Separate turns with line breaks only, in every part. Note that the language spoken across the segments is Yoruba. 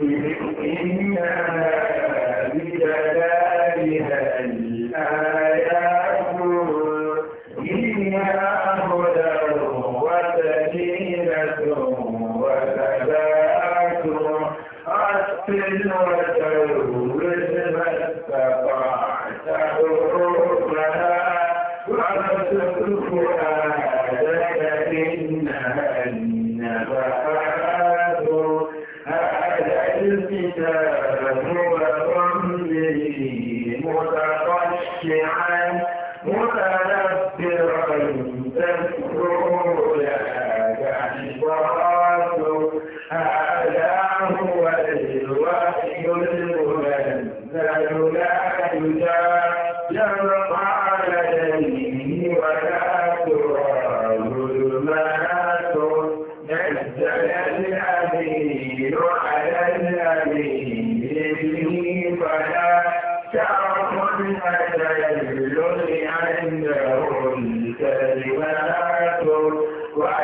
بإذن الله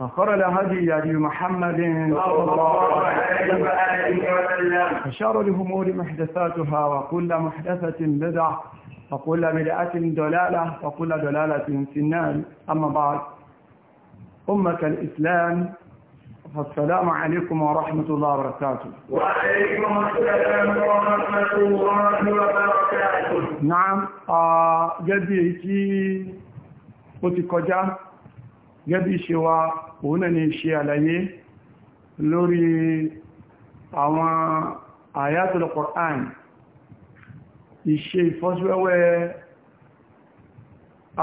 فخر الهدي هدي محمد صلى الله عليه وسلم الأمور محدثاتها وكل محدثة بدعة وكل بدعة دلالة وكل دلالة في النار أما بعد أمة الإسلام السلام عليكم ورحمة الله وبركاته
وعليكم السلام ورحمة الله وبركاته
نعم جدي في ti gẹ́bí ṣe wa òun náà ni ṣe àlàyé lórí àwọn àyátùl Qur'an ìṣe ìfọ́síwẹ́wẹ́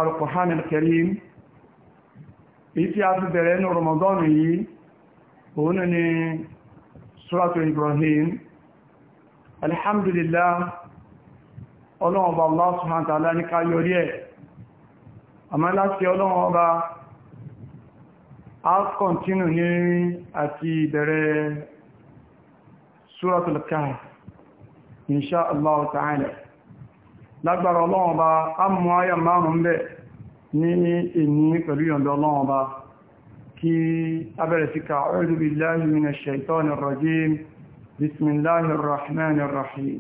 al-Qur'an al-Karim èyí tí a fi bẹ̀rẹ̀ ní Ramadan yìí òun náà ni Suratu Ibrahim alhamdulillah ọlọ́wọ̀n ọba Allah subhanahu wa ta'ala ní ká yọrí ẹ̀ àmá láti ọlọ́wọ̀n ọba I'll continue ní àti ìbẹ̀rẹ̀ Al Kahf, Insha Allah Ta'ala. Lágbàrà ọlọ́run bá, a mú ayà márùn-ún bẹ̀ ní èní pẹ̀lú yọ̀ndọ̀ ọlọ́run bá kí a bẹ̀rẹ̀ sí ka a'udhu billahi minash shaitanir rajim, Bismillahir Rahmanir Rahim.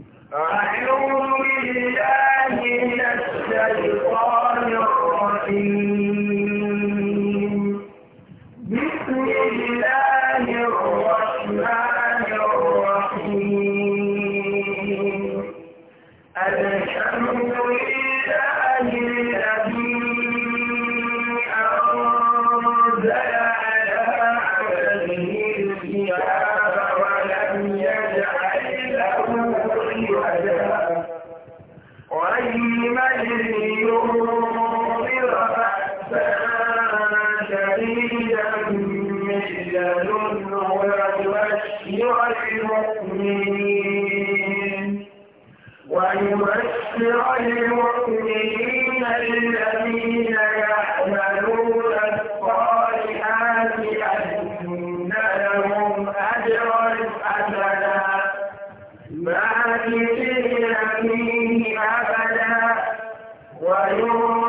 خالدين فيه أبدا ويوم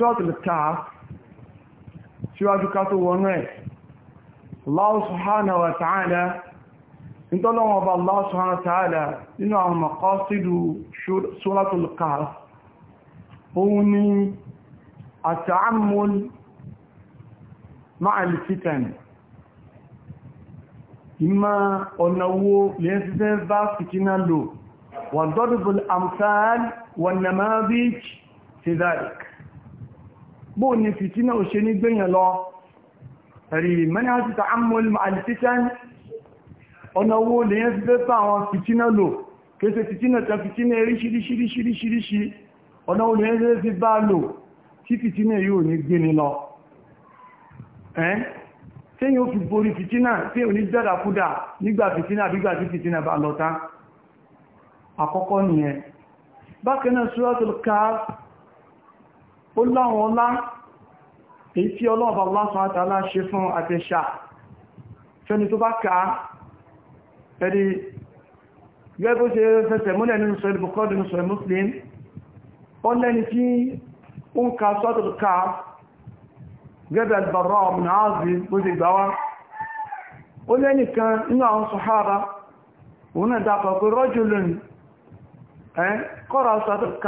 ṣọ́tìlì káà síwájú ká tó wọnú ẹ̀ Allah subhanahu wa ta'ala nítọ́lọ́wọ́ bá Allah subhanahu wa ta'ala nínú àwọn maqasidu suratul Kahf òun ni àtàámúl ma'al fitan ìmá ọ̀nà wo lè ń fẹ́ bóò ni fìtínà ò ṣe ní gbẹ̀yàn lọ ẹ̀rí mẹ́ni àti ta amúlùm àlìtíṣẹ́n ọ̀nà owó lè yẹn fi fẹ́ bá àwọn fìtínà lò kéèsè fìtínà tẹ fìtínà ríṣiríṣiríṣiríṣi ọ̀nà owó lè yẹn fi bá lò tí fìtínà yóò ní gbẹ̀ni lọ tí yóò fi borí fìtínà tí yóò ní dẹ́dàkúdà nígbà fìtínà bígbà tí fìtínà bá lọ tán àkọ́kọ́ nìyẹn bákanáà suratul Kahf ó láwọn ọlá èyí tí ọlọ́ọ̀bà lásán àtàlá ṣe fún àtẹ́ṣà fẹ́ni tó bá ká ẹ̀rí gẹ́gbó ṣe fẹsẹ̀ múlẹ̀ nínú sọ ìbùkọ́dù nínú sọ muslim ó lẹ́ni tí ó ń ka sọ́tọ̀ ká gẹ́gbẹ̀ àgbàrá ọmọ ààzì bó ṣe gbà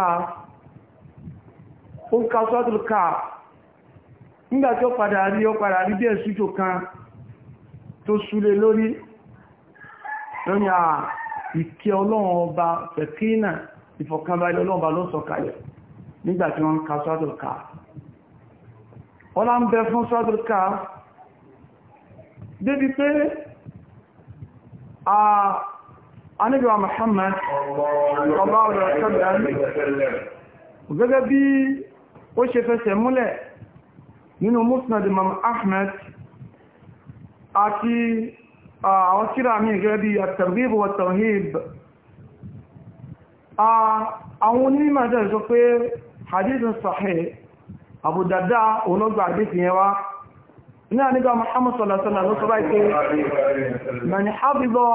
wá ó ń ka sọ́tùl káà nígbà tó padà rí ó padà rí díẹ̀ sújò kan tó súlé lórí lórí à ìkẹ́ ọlọ́run ọba fẹ̀kínà ìfọ̀kànbalẹ̀ ọlọ́run ọba ló sọ̀kalẹ̀ nígbà tí wọ́n ń ka sọ́tùl káà ọlá ń bẹ fún sọ́tùl káà débi pé anìbíwa Muhammad
sallallahu alaihi
gẹ́gẹ́ bí ó ṣe fẹsẹ̀ múlẹ̀ nínú musnad imam ahmed àti àwọn tírà mi gẹ́gẹ́ bí at-targhib wa at-tarhib àwọn onímọ̀ jẹ́ sọ pé hadith sahih abu dada olóògbà hadith yẹn wá iná nígbà muhammad sallallahu alaihi wasallam ló sọ báyìí
pé man
hafiza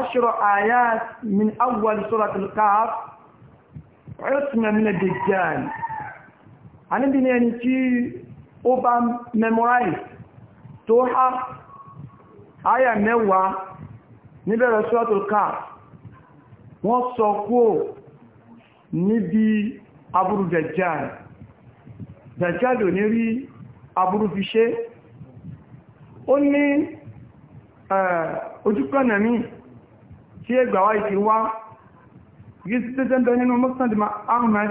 ashra ayat min awwal suratul kahf usna àníbi ní ẹni tí ó bá memorize tó há àyà mẹ́wàá níbẹ̀rẹ̀ suratul Kahf wọ́n sọ kó níbi aburú Dajjal Dajjal ò ní rí aburú fi ṣe ó ní ojúkọ̀nà mi tí ẹgbàwá ìtí wá gíṣítẹ́tẹ́ nínú Musnad Ahmad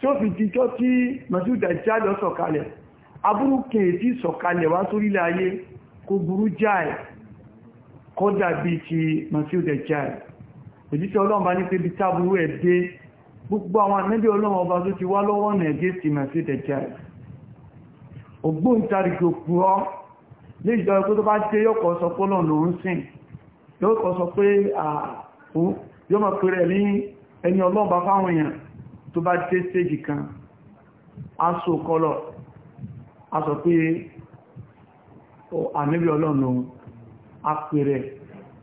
tí ó fi jíjọ́ tí mọ̀sílùdà jáde sọ̀kalẹ̀ aburú kèèdí sọ̀kalẹ̀ wá sórílẹ̀ ayé kò burú jáì kọ́dà bí ti mọ̀sílùdà jáì òjíṣẹ́ ọlọ́run bá ní pé bí táburú ẹ̀ dé gbogbo àwọn anẹ́bí ọlọ́run ọba tó ti wá lọ́wọ́ ọ̀nà ẹ̀dẹ́ ti ẹni ọlọ́run fáwọn èèyàn tó bá dé stage kan aṣọ kọlọ̀ aṣọ pé àníbí ọlọ́run apẹ̀rẹ̀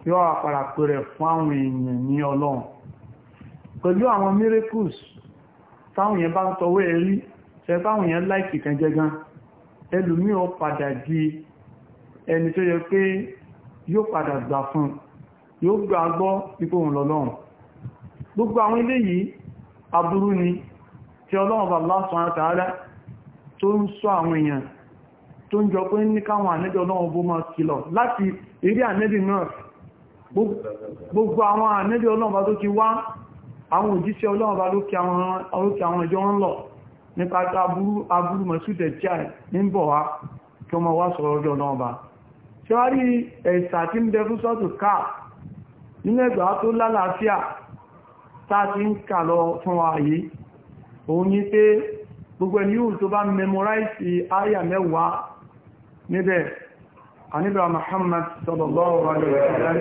yọ́ àpàrà pẹ̀rẹ̀ fún àwọn èèyàn ní ọlọ́run pẹ̀lú àwọn miracles táwọn èèyàn bá ń tọwọ́ ẹ̀rí tẹ́ táwọn èèyàn láìkì kan jẹgan ẹlùmí ó padà di ẹni tó yẹ pé yóò padà gbà fún yóò gbà gbọ́ ipò òun lọ́lọ́run gbogbo àwọn ilé yìí aburú ni tí ọlọ́run Allah subhanahu wa ta'ala tó ń sọ àwọn èèyàn tó ń jọ pé ní káwọn ànẹ́bí ọlọ́run bó máa kìlọ̀ láti eré ànẹ́bí náà gbogbo àwọn ànẹ́bí ọlọ́run bá tó ti wá àwọn òjíṣẹ́ ọlọ́run bá lókè àwọn ìjọ ń lọ nípa aburú mọ̀súdẹ̀ jẹ́ ń bọ̀ wá kí ọmọ wá sọ̀rọ̀ ọjọ́ ọlọ́run bá ṣe wá rí ẹ̀sà tí ń bẹ fún sọ́tù káà nínú ẹgbàá tó tàbí ń kà lọ fún wa yìí òun ní pé gbogbo ẹni yóò tó bá memorize àyà mẹ́wàá níbẹ̀ àníbà Muhammad sallallahu alaihi wasallam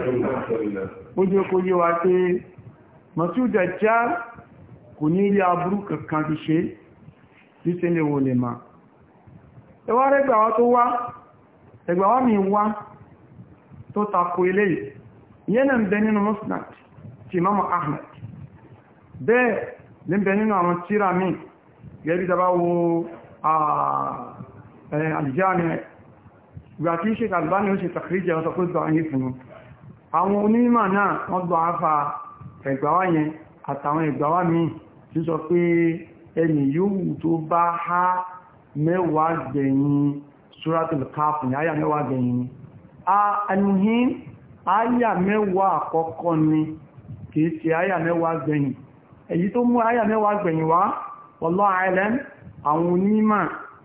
ẹwà rẹ̀gbàwà tó wá ẹgbàwà mi wá tó tako ilé yìí yẹ́nà ń bẹ nínú musnad ti Imam Ahmad bẹ́ẹ̀ lẹ́m̀bẹ̀ nínú àwọn tíra mi gẹ́bí tàbá wo àlìjáàmì ìgbà tí ṣe kàlùbá ni ó ṣe fún àwọn onímọ̀ náà wọ́n yẹn àtàwọn ẹni yóò tó bá mẹ́wàá gbẹ̀yìn ní àyà mẹ́wàá gbẹ̀yìn a àyà mẹ́wàá àkọ́kọ́ ni kìí ṣe àyà mẹ́wàá gbẹ̀yìn èyí tó mú àyà mẹ́wàá gbẹ̀yìn wá wallahu a'lam àwọn onímọ̀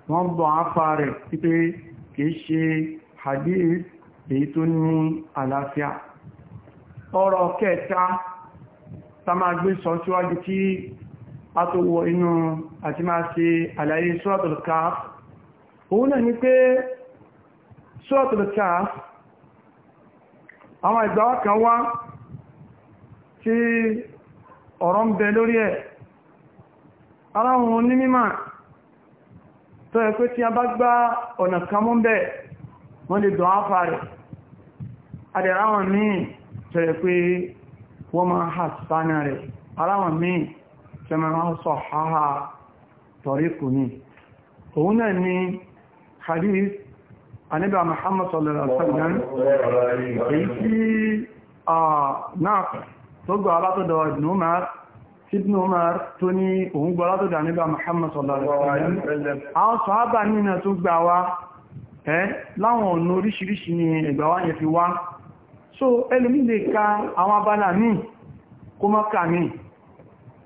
wọ́n bọ̀ afá rẹ̀ pípé kìí ṣe hadith èyí tó ní àlàáfíà ọ̀rọ̀ kẹta tá máa gbé sọ síwájú kí a tó wọ inú àti máa ṣe àlàyé suratul òun náà ni pé suratul Kahf àwọn ìgbàwà kan wá tí ọ̀rọ̀ ń bẹ lórí ẹ̀ aláwọn onímímà tó ẹ pé tí a bá gbá ọ̀nà kamú bẹ̀ wọ́n lè dọ̀ áfà rẹ̀ adẹ̀ráwọn míì tó ẹ pé wọ́n máa hà sánà rẹ̀ aláwọn míì tó máa sọ háhà tọ̀ríkù ní òun náà ni hadith tó gbà látọ̀dọ̀ Ibn Umar Ibn Umar tó ní òun gbà látọ̀dọ̀ àníbà Muhammad sallallahu alaihi wasallam àwọn sàhábà nínú tó gbà wá ẹ́ láwọn ọ̀nà so ẹlùmí lè ka àwọn abala míì kó má kà ní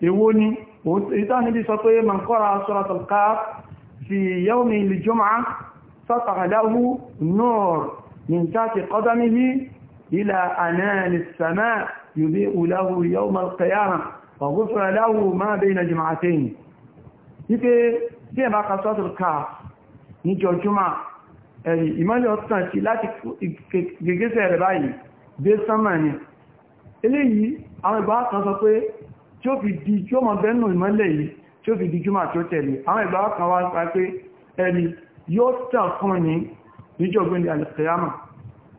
èwo ni ìta níbi sọ pé man nur min tahti ila anani as-sama' يبيء له يوم القيامة وغفر له ما بين جمعتين يبي bí ẹ̀bá ka sọ́tọ̀ káà níjọ jùmọ́ ẹ̀rì ìmọ́lẹ̀ ọ̀tàn sí láti gẹ̀gẹ́sẹ̀ rẹ̀ báyìí dé sánmà ní eléyìí àwọn ìgbà kan sọ pé tí ó fi di tí ó mọ̀ bẹ́nù ìmọ́lẹ̀ yìí tí ó fi di jùmọ́ tí ó tẹ̀lé àwọn ìgbà kan wá pé ẹ̀rì yóò tàn fún ní níjọ gbẹ̀ndẹ̀ alìkẹyàmà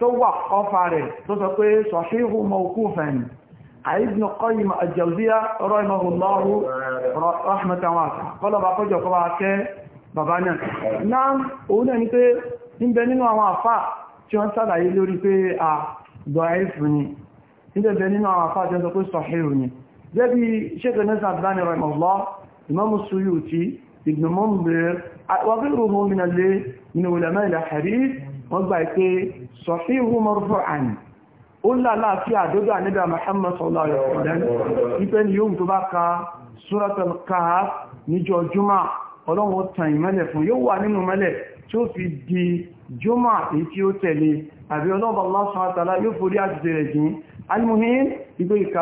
tó wà ọfà rẹ̀ tó sọ pé sọ̀ṣíhù mawqufan ibn Qayyim al-Jawziyya rahimahullahu rahmatan wasi'a kọ́lọ̀ bá kọjọ kọ́ bá kẹ́ bàbá náà náà òun náà ni pé níbẹ̀ nínú àwọn àfà tí wọ́n sàlàyé lórí pé a dọ̀ẹ́fù ni níbẹ̀ nínú àwọn àfà wọ́n gbà pé sọ̀fí ìhúmọ̀rúfọ̀ àní ó lálàáfíà àdójọ́ àníbà Muhammad sallallahu alaihi wasallam ipẹ́ ni yóò tó bá ka suratul Kahf níjọ jùmá ọlọ́run tàn ìmẹ́lẹ̀ fún yóò wà nínú mẹ́lẹ̀ tí ó fi di jùmá èyí tí ó tẹ̀lé àbí ọlọ́bà Allah subhanahu wa ta'ala yóò forí àṣìṣẹ́ rẹ̀ jìn alimuhin ìgbé ìka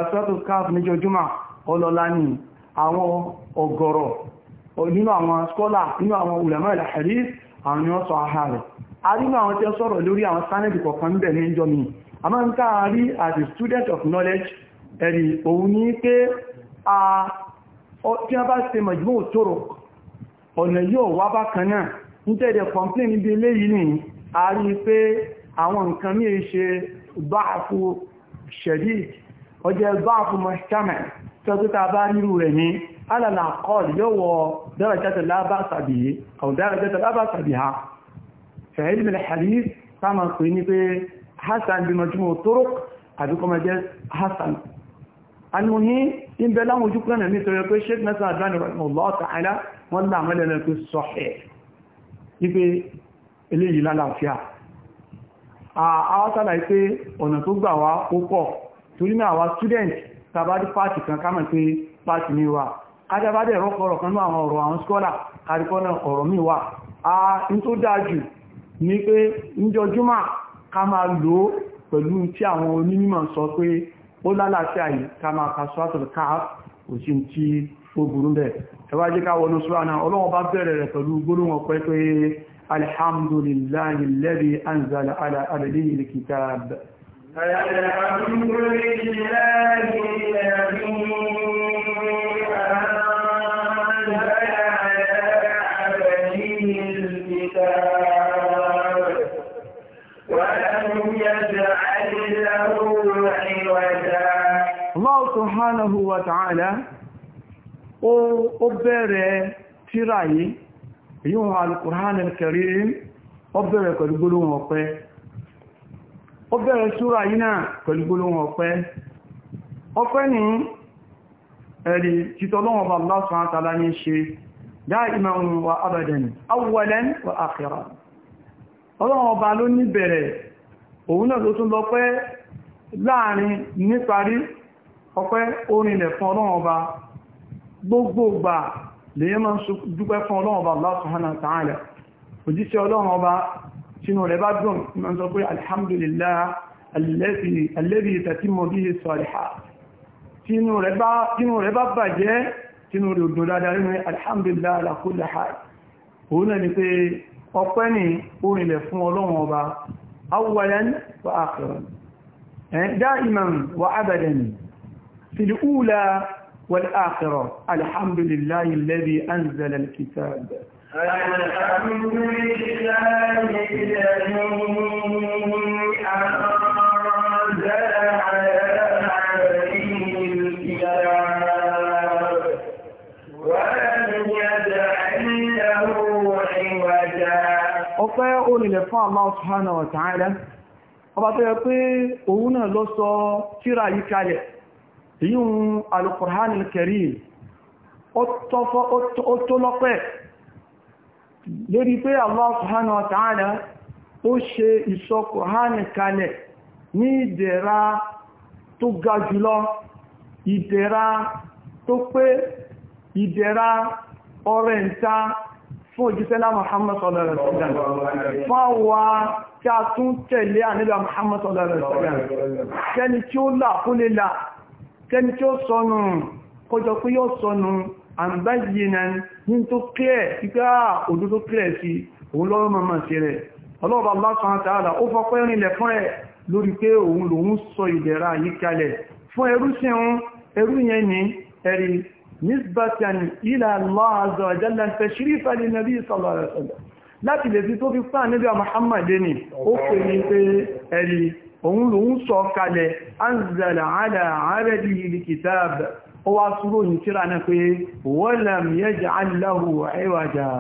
àwọn ọgọ̀rọ̀ nínú àwọn skọ́là nínú àwọn àwọn ni wọ́n sọ àhà rẹ̀ arínú àwọn tí ó sọ̀rọ̀ lórí àwọn sánẹ́dì kọ̀kan bẹ̀ ní ìjọ mi a máa ń káà rí as a student of knowledge ẹ̀rì òun ní pé tí a bá ṣe mọ̀júmọ́ òtòrò ọ̀nà yóò wá bákan náà ní tẹ́ẹ̀dẹ̀ complain níbi ilé yìí ni a rí pé àwọn nǹkan mí ṣe báàfù ṣẹ̀dí ọjẹ́ báàfù mọ̀ṣkámẹ̀ tọ́tútà bá nírú rẹ̀ ní alàlàkọ́ọ̀lù yóò wọ فعلم الحديث كما قيني به حسن بمجموع الطرق أبيكم أجل حسن المهم إن بلا وجود لنا مثل يقول الشيخ مثلا أدواني رحمه الله تعالى ولا عمل لك الصحيح يبقى eléyìí lálàáfíà àwọ́sàlà pé ọ̀nà tó gbà wá púpọ̀ torí náà wá student tàbádí pàtì kan ká mọ̀ pé pàtì ní wà kájábádẹ̀ rọ́kọ̀ọ̀rọ̀ kan ní àwọn ọ̀rọ̀ àwọn skọ́là kàríkọ́nà ọ̀rọ̀ míì wà a ní tó dáa jù ní pé níjọjúmọ́ ká máa lò ó pẹ̀lú tí àwọn onímọ̀ sọ pé ó lálàáfíà yìí ká máa ka sọ́tọ̀ káàf kò tí ó burú bẹ̀ ẹwà jẹ́ ká wọnú sọ́rọ̀ ọlọ́wọ́ anzala ala Allah subhanahu wa ta'ala ó bẹ̀rẹ̀ tírà yìí yíò al-Qur'an al-Karim ó bẹ̀rẹ̀ pẹ̀lú gbólóhùn ọpẹ́ ó bẹ̀rẹ̀ súra yìí náà pẹ̀lú gbólóhùn ọpẹ́ ọpẹ́ ní ẹ̀rí títọ́lọ́wọ́ Allah subhanahu wa ta'ala ní ṣe dáìman wa abadan awwalan wa akhiran ọlọ́wọ́ ọba ló ní bẹ̀rẹ̀ òun náà ló tún lọ pẹ́ láàrin níparí ọpẹ́ orin ilẹ̀ fún ọlọ́run ọba gbogbo ìgbà lèyàn máa ń dúpẹ́ fún ọlọ́run ọba Allah subhanahu wa ta'ala òjíṣẹ́ ọlọ́run ọba sínú rẹ̀ bá dùn ma ń sọ pé alhamdulillah alladhi tatimmu bihi salihat sínú rẹ̀ bá bàjẹ́ sínú rẹ̀ òdò dáadáa nínú alhamdulillah ala kulli hal òun في الأولى والآخرة الحمد لله الذي أنزل الكتاب
الحمد لله الذي أنزل عليه الكتاب ولم يجعل له
عوجا ọpẹ́ orílẹ̀ ọba tó yẹ pé òun náà ló sọ tírà yìí kalẹ̀ yíò alukùránì kẹrìm ó tó lọ́pẹ́ lórí pé Allah subhanahu wa ta'ala ó ṣe ìsọ kùránì kalẹ̀ ní ìdẹ̀ra tó ga jùlọ ìdẹ̀ra tó pé ìdẹ̀ra ọrẹ̀ ìta fún òjísẹ́lá Muhammad sallallahu alaihi wasallam fáwà tí a tún tẹ̀lé àníbà Muhammad sallallahu alaihi wasallam kẹni tí ó là fún lè là kẹni tí ó sọnù kọjọ pé yóò sọnù àǹbáyé na ní tó kílẹ̀ ìgbà òdó tó kílẹ̀ sí òun lọ́rọ̀ mọ́mọ́ sí rẹ̀ ọlọ́ọ̀bá Allah subhanahu wa ta'ala ó fọ́pẹ́ rìnlẹ̀ fún ẹ̀ lórí pé òun lòun sọ ìdẹ̀ra yìí kalẹ̀ fún ẹrú sí òun ẹrú yẹn ní ẹ̀rí nísbàtàn ila láti lè fi tó fi pàà níbi Muhammad ní ó pè ní pé ẹ̀rí òun lòun sọ kalẹ̀ anzala ala abdihi alkitab ó wá súrò yìí tíra náà pé walam yaj'al lahu iwaja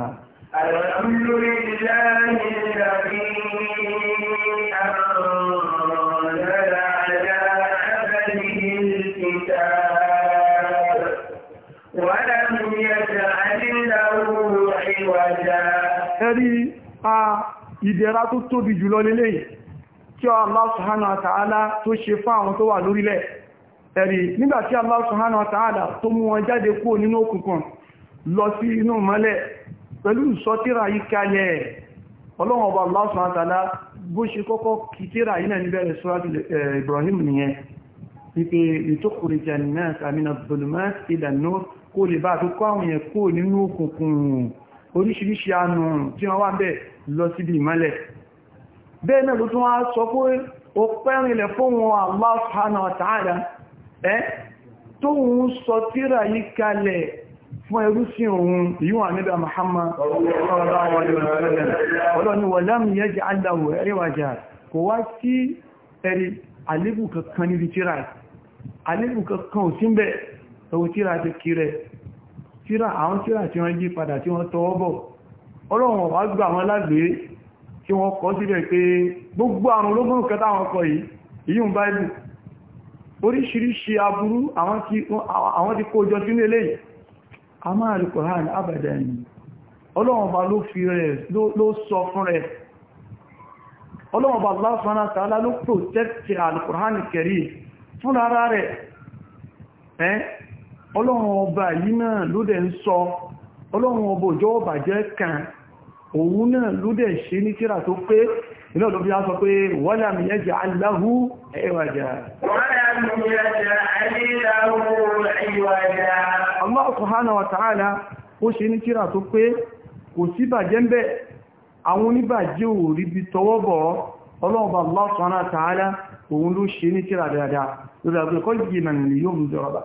Ẹ̀rí a ìdẹ̀ra tó tóbi jùlọ lélẹ́yìn tí Allah subhanahu wa ta'ala tó ṣe fún àwọn tó wà lórílẹ̀ ẹ̀rí nígbàtí Allah subhanahu wa ta'ala tó mú wọn jáde kúrò nínú òkùnkùn lọ sí inú mọ́lẹ̀ pẹ̀lú sọtíra yìí kalẹ̀ ọlọ́run ọba Allah subhanahu wa ta'ala bó ṣe kọ́kọ́ kìtíra yìí náà níbẹ̀rẹ̀ Ibrahim nìyẹn wípé ìtókùrìjà náà sàmìnà bọ̀lùmọ́ ìdànà kó lè bá àtúkọ́ àwọn èèyàn kúrò nínú òkùnkùn oríṣiríṣi àánú tí wọ́n wá bẹ́ẹ̀ síbi ìmọ́lẹ̀ bẹ́ẹ̀ náà ló tún wá sọ pé ó pẹ́rinlẹ̀ fún wọn Allah subhanahu wa ta'ala ẹ́ tó ń sọ tíra yìí kalẹ̀ fún ẹrú sí òun yíò àníbà Muhammad ọlọ́ni wà láàmì yẹ́ jẹ́ aláwò ẹríwàjá kò wá sí ẹ̀rí alébù kankan níbi tíra alébù kankan ò sí ń bẹ̀ ẹwọ tíra ti kiri tíra àwọn tíra tí wọ́n yí padà tí wọ́n tọwọ́ bọ̀ ọlọ́run ọ̀wá gbà wọn lágbèé kí wọ́n kọ́ bẹ̀ pé gbogbo àrùn ológun kẹta àwọn ọkọ̀ yìí ìyún báìbù oríṣiríṣi aburú àwọn ti kó jọ sínú eléyìí a máa rí Qur'an abẹ̀dẹ̀ ni Ọlọ́run ló fi rẹ̀ ló sọ fún rẹ̀ Ọlọ́run bá Allah subhanahu wa ta'ala ló protect al-Qur'an òun náà ló dẹ̀ ṣe ní tíra tó pé iná ló fi á sọ pé wọ́lá mi yẹ́jẹ́ aláhú ẹwàjá Allah subhanahu wa ta'ala ó ṣe ní tíra tó pé kò sí bàjẹ́ ń bẹ àwọn oníbàjẹ́ ò rí bí tọwọ́ bọ̀ ọlọ́ọ̀bà Allah subhanahu wa ta'ala òun ló ṣe ní tíra dáadáa lórí àgbẹ̀kọ́ yìí mẹ́rin yóò mú jọrọ̀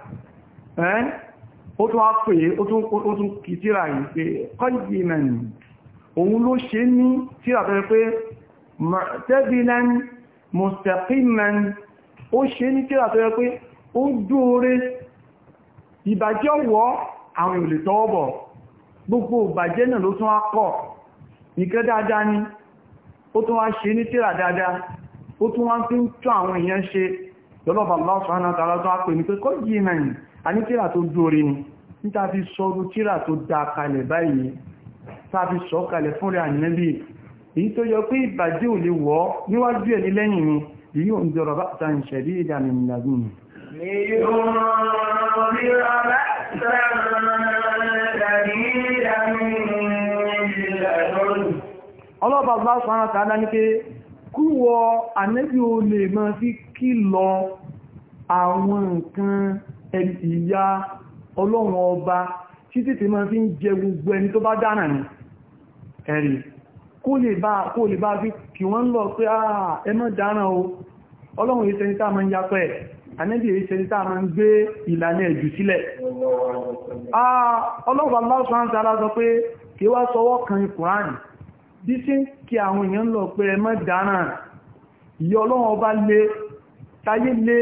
ẹ́n ó tún á pè é ó tún kì tíra yìí pé kọ́ìdì mẹ́rin òun ló ṣe ní tíra tó pé tẹ́bílẹ́n mustaqimman ó ṣe ní tíra tó pé ó dóore ìbàjẹ́ wọ́ àwọn ìlè tọ́ọ̀bọ̀ gbogbo ìbàjẹ́ náà ló tún á kọ̀ nìkẹ́ dáadáa ni ó tún wá ṣe ní tíra dáadáa ó tún wá fi ń tún àwọn èèyàn ṣe lọ́lọ́bà Allah subhanahu wa ta'ala tó ápè ní pé kọ́ yìí náà yìí a ní tíra tó dóore ni níta fi sọ́rú tíra tó dá kalẹ̀ báyìí tá fi sọ́ kalẹ̀ fún rẹ̀ ànẹ́bí èyí tó yọ pé ìbàjẹ́ ò lè wọ́ níwájú ẹ̀ bá ta ìṣẹ̀rí ní pé kúwọ ànẹ́bí o lè mọ́ sí kí lọ àwọn nǹkan ìyá ọlọ́run ọba tí títí mọ́ sí ń jẹ gbogbo ẹni tó bá dánà ní ẹ̀rì kó lè bá fi kí wọ́n lọ pé àà ẹ má dánà o ọlọ́run èsẹ́ ní táà mọ́ ń yapẹ́ ànẹ́bí èsẹ́ ní táà mọ́ ń gbé ìlànà ẹ̀jù sílẹ̀ ọlọ́run bí sí kí àwọn èèyàn lọ pé ẹ mọ́ dáná ìyọ ọlọ́run ọba lè táyé lè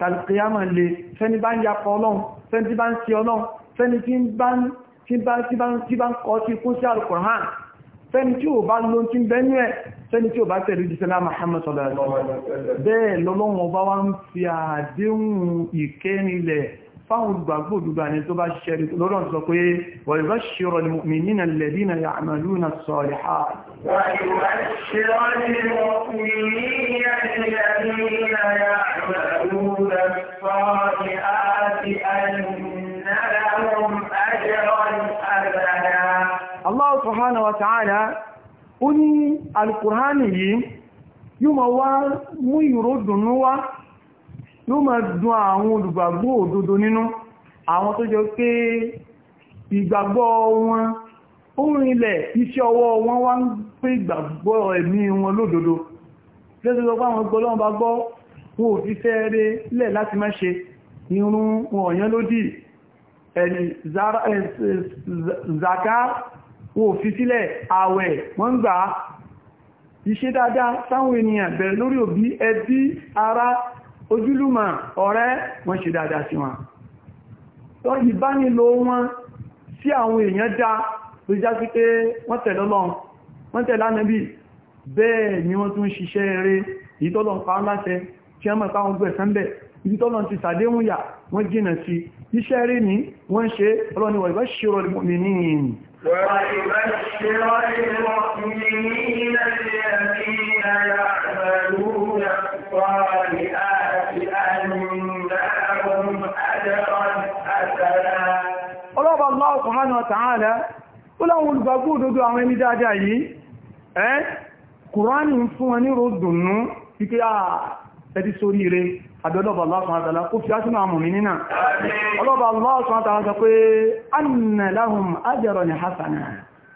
tàbíyàmà lè fẹ́ni bá ń yapọ̀ ọlọ́run fẹ́ni bá ń ṣe ọlọ́run fẹ́ni tí bá ń kọ́ sí kún sí Al-Qur'an fẹ́ni tí ò bá ló tí ń bẹ́nu ẹ̀ fẹ́ni tí ò bá tẹ̀lú jíṣẹ́lá Muhammad sallallahu bẹ́ẹ̀ lọ́lọ́run ọba wá ń fi àdéhùn ìkẹ́rinlẹ̀ fáwọn olùgbàgbọ́ òdúgbà ni tó bá ṣiṣẹ́ rí lọ́rọ̀ sọ pé wọ̀lúwà ṣírọ̀ ni mi nínà lẹ́bí na yà àmàlú na sọ̀rẹ̀ ha Allah subhanahu wa ta'ala ó ní alkùránì yìí yóò máa wá mú ìró dùnú wá yóò máa dùn àwọn olùgbàgbọ́ òdodo nínú àwọn tó jọ pé ìgbàgbọ́ wọn ohun ilẹ̀ iṣẹ́ ọwọ́ wọn wá ń pé ìgbàgbọ́ ẹ̀mí wọn lódodo lẹ́sọ́gbọ́ àwọn zaka wọn ò fi sílẹ̀ àwẹ̀ wọ́n gbà iṣẹ́ dáadáa sáwọn ènìyàn bẹ̀rẹ̀ lórí òbí ẹbí ará ojúlùmọ̀ ọ̀rẹ́ wọ́n ṣe dáadáa sí wọn tó ìbánilò wọn sí àwọn èèyàn dá ló já sí pé wọ́n tẹ̀lé Ọlọ́run wọ́n tẹ̀lé Ànábì bẹ́ẹ̀ ni wọ́n tún ṣiṣẹ́ eré ìtọ́lọ̀ pa láṣẹ tí a mọ̀ páwọn gbẹ̀sán bẹ̀ ìtọ́lọ̀ ti sàdéhùn yà wọ́n jìnà sí iṣẹ́ eré ní wọ́n ṣe ọlọ́ni wà ìbáṣẹ́rọ̀ mu'minin
وَيُبَشِّرَ الْمُؤْمِنِينَ الَّذِينَ يَعْمَلُونَ الصَّالِحَاتِ
Ọlọ́pàá Allah subhanahu wa ta'ala, ó láwọn olùgbàgbọ́ òdodo àwọn ẹni dáadáa yìí, ẹ́, Kùránì ń fún wọn ní ròdùnú títí à ẹ̀dí sórí ire àdọ́lọ́bà Allah subhanahu wa ta'ala kó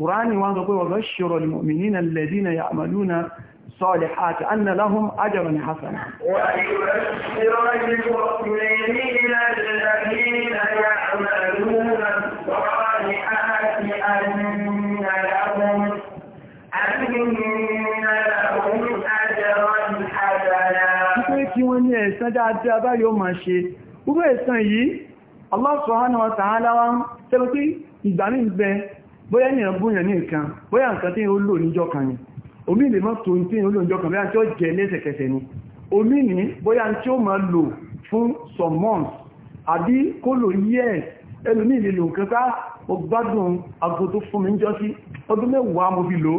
Kùránì wọ́n sọ pé wọ́n bashshira al-mu'minina alladhina ya'maluna الصالحات أن لهم أجرا حسنا
ويبشر المؤمنين الذين يعملون الصالحات أن لهم أن لهم أجرا
حسنا kí wọ́n ní ẹ̀san dáadáa bá yóò máa ṣe gbogbo ẹ̀san yìí Allah subhanahu wa ta'ala wá tẹ́lọ sí ìgbàmí ń bẹ bóyá ènìyàn búyàn ní nǹkan bóyá nǹkan tí ó lò níjọ́ kan ni omi lè mọ́ tó ń tí ó lò níjọ́ kan bóyá tí ó jẹ lẹ́sẹ̀kẹsẹ̀ ni omi ní bóyá tí ó máa lò fún some months àbí kó lò years ẹlòmí lè lò nǹkan ká ó ah, gbádùn ago tó fún mi ń jọ ọdún mẹ́wàá mo fi lò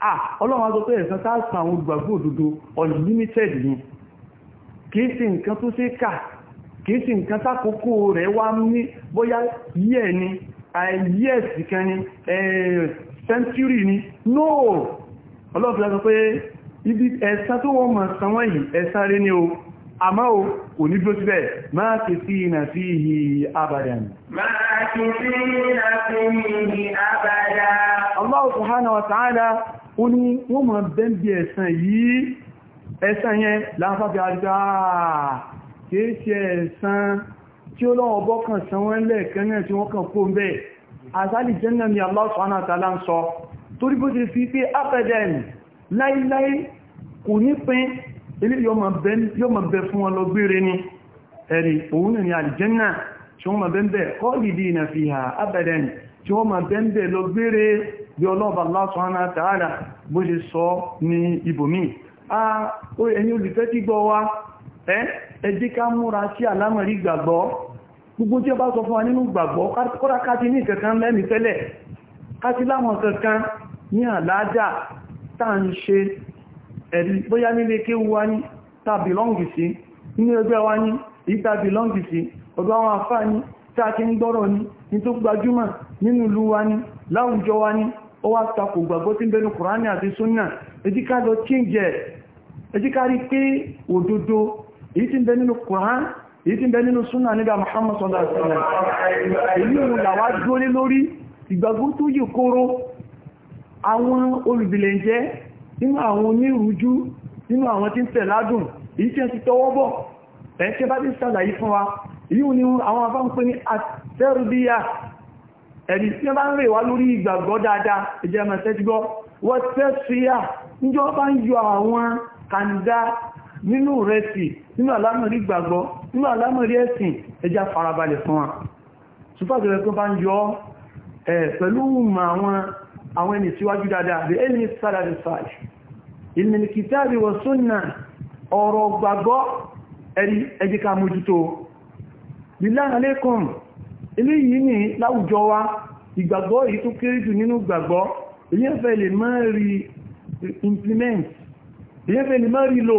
ah ọlọ́run aṣọ tó ẹ̀sán tá sàn àwọn òdodo unlimited ni kìí sí nǹkan tó ṣe kà kìí sí nǹkan tákòókò rẹ̀ wá ní bóyá yíẹ̀ ni àìyẹ́sì kan ní sẹ́ntúrì ní nóò ọlọ́pìlá sọ pé ibi ẹ̀sá tó wọ́n mọ̀ sanwọ́ yìí ẹ̀sá rẹ̀ ní o àmọ́ o kò ní dúró síbẹ̀ máa kì sí ìnà sí ìhì abadan
máa kì sí ìnà sí ìhì abadan
Allah subhanahu wa ta'ala ó ní wọ́n mọ̀ bẹ́m̀bí ẹ̀sán yìí ẹ̀sán yẹn láàfáfẹ́ àrígbà kìí ṣe ẹ̀sán tí ó lọ́wọ́ bọ́ kàn san wọ́n lẹ́ẹ̀kan náà tí wọ́n kàn kó ń bẹ́ẹ̀ àsálì jẹ́nà ni Allah subhanahu wa ta'ala ń sọ torí bó ti fi pé abadan láíláí kò ní pín ilé yóò mọ̀ bẹ fún wọn lọ gbére ni ẹ̀rì òun ni àlìjẹ́nà tí wọ́n mọ̀ bẹ́ẹ̀ khalidina fiha abadan tí wọ́n mọ̀ bẹ́ẹ̀ lọ gbére bí ọlọ́ọ̀bà Allah subhanahu wa ta'ala bó ṣe sọ ní ibòmí ẹni olùfẹ́ tí gbọ́ wa ẹ jẹ́ múra sí àlámọ̀rí gbàgbọ́ gbogbo tí ó bá sọ fún wa nínú gbàgbọ́ kọ́dá káti ní ìkẹ̀kan lẹ́ni tẹ́lẹ̀ káti láwọn kankan ní àlájá tàà ń ṣe ẹ̀rí bóyá nílé ní tàbí lọ́ngì sí nínú ẹgbẹ́ ní ìtàbí lọ́ngì sí àwọn afá ní tààkí ń gbọ́rọ̀ ní ní tó gbajúmọ̀ nínú ìlú ní láwùjọ ní ó wá takò gbàgbọ́ tí ń èyí tí ń bẹ nínú súnà nígbà Muhammad sallallahu alaihi wasallam
èyí òun làwá
dúró lórí ìgbàgbọ́ tó yìí kóró àwọn olùbìlẹ̀jẹ́ nínú àwọn onírújú nínú àwọn tí ń tẹ̀ ládùn èyí tí ń ti tọwọ́ bọ̀ bá ti sàlàyé fún wa èyí ní àtẹ́rùbíyà bá ń rè nínú rẹ̀sì nínú àlámọ̀rí gbàgbọ́ nínú àlámọ̀rí ẹ̀sìn ẹjá farabalẹ̀ fún wa ṣùfàṣẹ́rẹ́ tó bá ń yọ pẹ̀lú ma àwọn ẹni síwájú dáadáa bí ẹni sálàrí sáàjì ìmìnkìtàbí wọ súnnà ọ̀rọ̀ gbàgbọ́ ẹ̀rí ẹjíká mójútó ìlànàlékùn ilé yìí ní láwùjọ wa ìgbàgbọ́ èyí tó kéré jù nínú gbàgbọ́ implement ìyẹ́fẹ́ lè má rí lò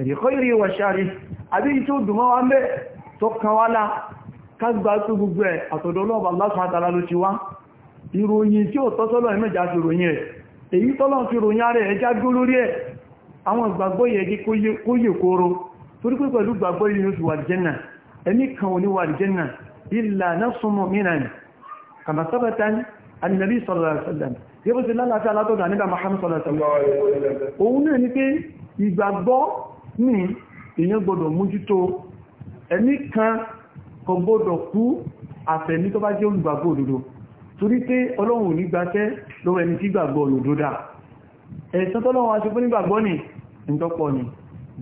ẹ̀dẹ̀kọ́ ìrìn wọ̀ ṣàrí àbí tí ó dùnmọ́ wá mẹ́ tó kan wá lá kágbà tó gbogbo ẹ̀ àtọ̀dọ̀ ọlọ́ọ̀bà lásán àtàlá ló ti wá ìròyìn tí ó tọ́sọ́lọ́ ìmẹ́jà fi ròyìn ẹ̀ èyí tọ́lọ́ fi ròyìn ààrẹ ẹjá dó lórí ẹ̀ àwọn ìgbàgbọ́ yẹ kí kó yè kóró torí pé pẹ̀lú ìgbàgbọ́ yìí ló fi wà jẹ́nà ẹni kan ìgbàgbọ́ ní èyàn gbọdọ̀ mójútó ẹ̀mí kan kò gbọdọ̀ kú àfẹ̀mí tó bá jẹ́ olùgbàgbọ́ òdodo torí pé ọlọ́run ní gbáṣẹ́ lọ́wọ́ ẹni tí gbàgbọ́ òdodo dá ẹ̀sán tọ́lọ́run aṣe fún nígbàgbọ́ ni ìjọpọ̀ ni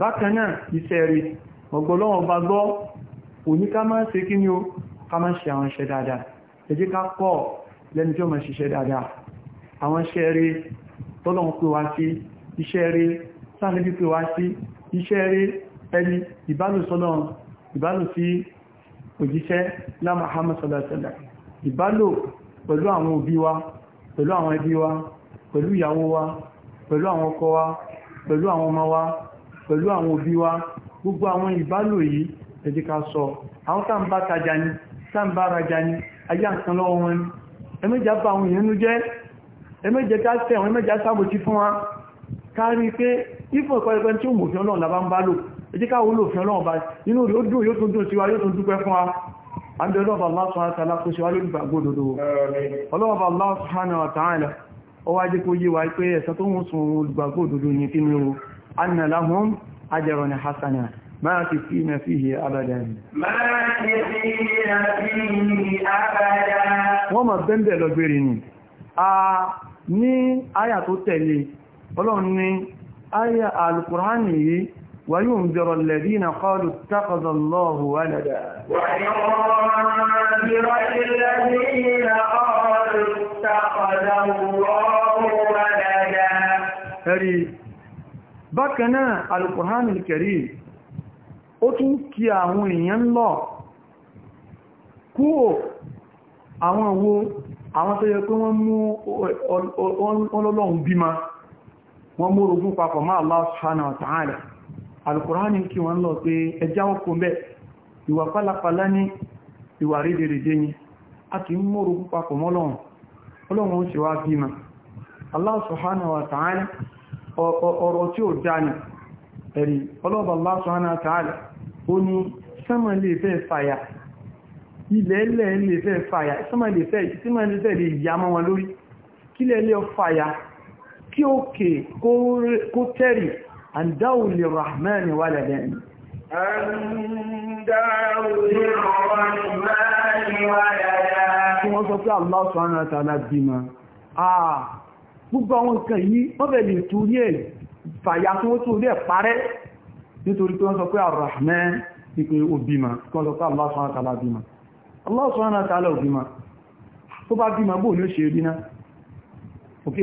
bákan náà iṣẹ́ rí ọgbọ̀lọ́wọ́ bá gbọ́ òní ká máa iṣẹ́ rí ẹni ìbálòsọ́lọ́ ìbálò sí òjíṣẹ́ lámà Muhammad sallallahu alaihi wasallam ìbálò pẹ̀lú àwọn òbí wa pẹ̀lú àwọn ẹbí wa pẹ̀lú ìyàwó wa pẹ̀lú àwọn ọkọ wa pẹ̀lú àwọn ọmọ wa pẹ̀lú àwọn òbí wa gbogbo àwọn ìbálò yìí ẹ jẹ́ ká sọ àwọn tàbá tajà ni tàbá rajà ni ayá nǹkan lọ́wọ́ wọn ni ẹmẹ́jà bá àwọn èèyàn nú jẹ́ ẹmẹ́jẹ ká tẹ̀ àwọn sábòtí fún wa kárí pé ìfọ̀ ìpẹ́ẹ̀pẹ́ tí ó mò fi ọlọ́run labá ń bá lò ẹjíká wúlò fi ọlọ́run bá inú rí ó dùn yóò tún dùn síwá yóò tún dúpẹ́ fún wa àbẹ̀lọ́bà aláṣọ́hánà kó síwá lórí gbàgbódòdó ọlọ́bà ni máa ti fi na fi wọ́n ma bẹ́ẹ̀ lọ gbére ni a ní àyà tó tẹ̀lé ọlọ́run ni ayé alukùránì yìí wà yóò ń jọrọ lẹ́rí na kọlù takọ̀dọ̀ lọ́ọ̀hù wálẹ̀dà ẹ̀rí bákanáà alukùránì kẹrì ó tún kí àwọn èèyàn lọ kúrò àwọn owó àwọn tó yẹ pé wọ́n mú ọlọ́lọ́run bímá wọ́n mú orogún papọ̀ máa Allah subhanahu wa ta'ala alkùránì kí wọ́n lọ pé ẹjá ọkùn bẹ́ ìwà pálapàlá ní ìwà rédèrèdè ni a kì í mú orogún papọ̀ mọ́lọ́run ọlọ́run ṣe wá bímọ Allah subhanahu wa ta'ala ọ̀rọ̀ tí ó dá ní ẹ̀rí ọlọ́bà Allah subhanahu fàyà kí òkè kó tẹ́rì àndáwò lè rahmani wà lẹ́lẹ́ Kí wọ́n sọ pé Allah subhanahu wa ta'ala bímọ. Àà gbogbo àwọn nǹkan yìí, wọ́n bẹ̀ lè torí ẹ̀ fàyà tó tó rí ẹ̀ parẹ́ nítorí pé wọ́n sọ pé Ar-Rahman ní pé ó bímọ, kí wọ́n sọ pé Allah subhanahu wa ta'ala bímọ. Allah subhanahu Tó bá bímọ bóò ní ó ṣe rí náà. Òkè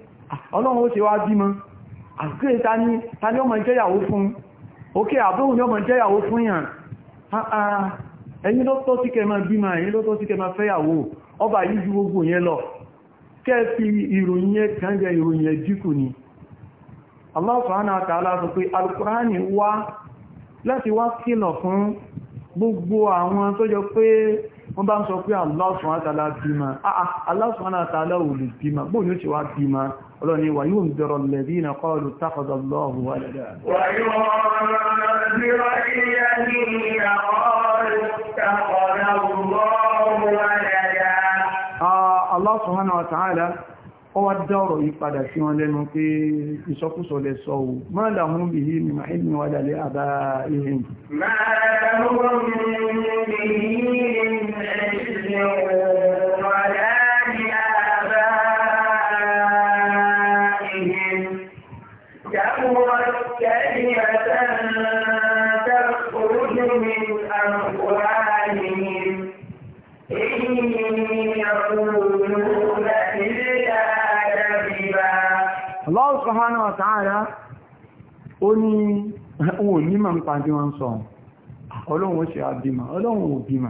ọlọ́run ó ṣe wá bímọ àkíyè ta ní ta ní ọmọ ìjẹ́yàwó fún òkè àbóhùn ní ọmọ ìjẹ́yàwó fún yàn ẹ̀yin ló tọ́ sí kẹma bímọ ẹ̀yin ló tọ́ sí kẹma fẹ́yàwó ọba yìí ju gbogbo yẹn lọ kẹ́ fi ìròyìn wọ́n bá ń sọ pé Allah subhanahu wa ta'ala bímọ ah, ah, Allah subhanahu wa ta'ala ò lè bímọ bóò ní ó ti wá bímọ ọlọ́ni wà yóò ń Allah subhanahu wa ta'ala ọwá dá ọ̀rọ̀ yìí padà sí wọn lẹ́nu pé ìsọkúsọ lẹ sọ o máa làwọn bí i ní máa ní wájà lé àbá ihe Máa subhanahu wa ta'ala ó ní wọn ò ní màá ń pa tí wọ́n ń sọ ọlọ́run ṣe àbímà ọlọ́run ò bímà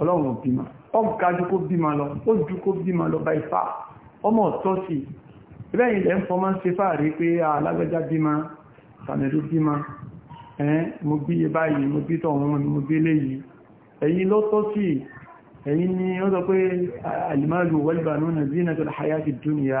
ọlọ́run ò bímà ọ̀gá jù kó bímà lọ ó jù kó bímà lọ bá ifá ọmọ ọ̀tọ́ sí ibẹ́ ilẹ̀ ń fọmọ́ ṣe fàárí pé alágbẹ́já bímá sàmẹ̀lú bímá ẹ́n mo bí iye báyìí mo bí tọ̀wọ́n mo bí léyìí ẹ̀yin lọ́tọ́ sí ẹ̀yin ni ó sọ pé alìmáàlù wal banuna zinatul hayati dunya